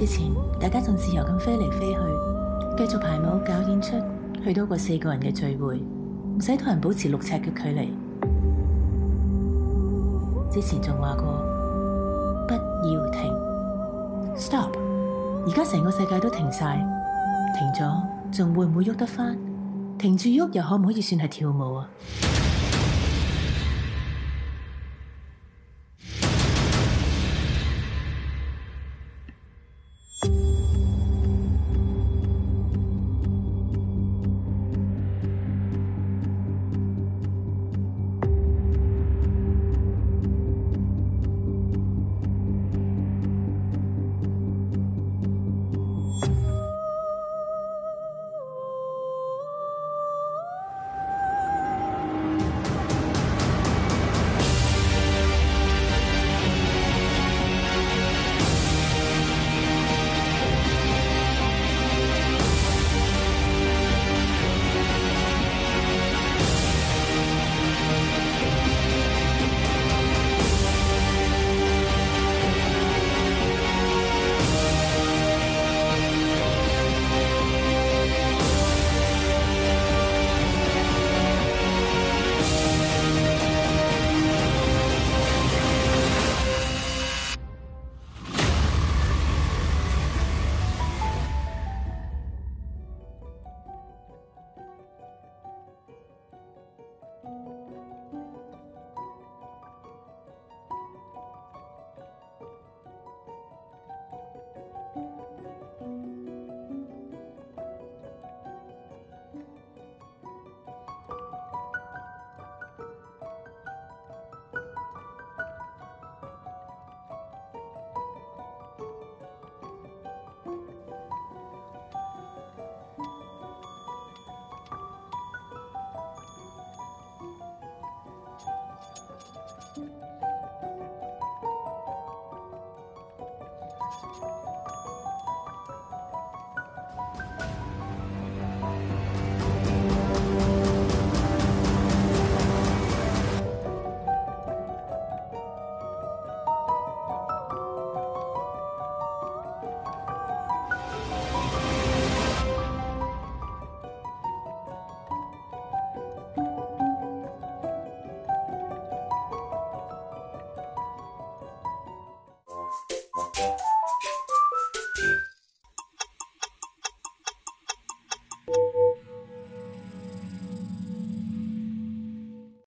之前大家仲自由咁飛嚟飛去，繼續排舞搞演出，去到過四個人嘅聚會，唔使同人保持六尺嘅距離。之前仲話過，不要停，stop。而家成個世界都停晒，停咗仲會唔會喐得返？停住喐又可唔可以算係跳舞啊？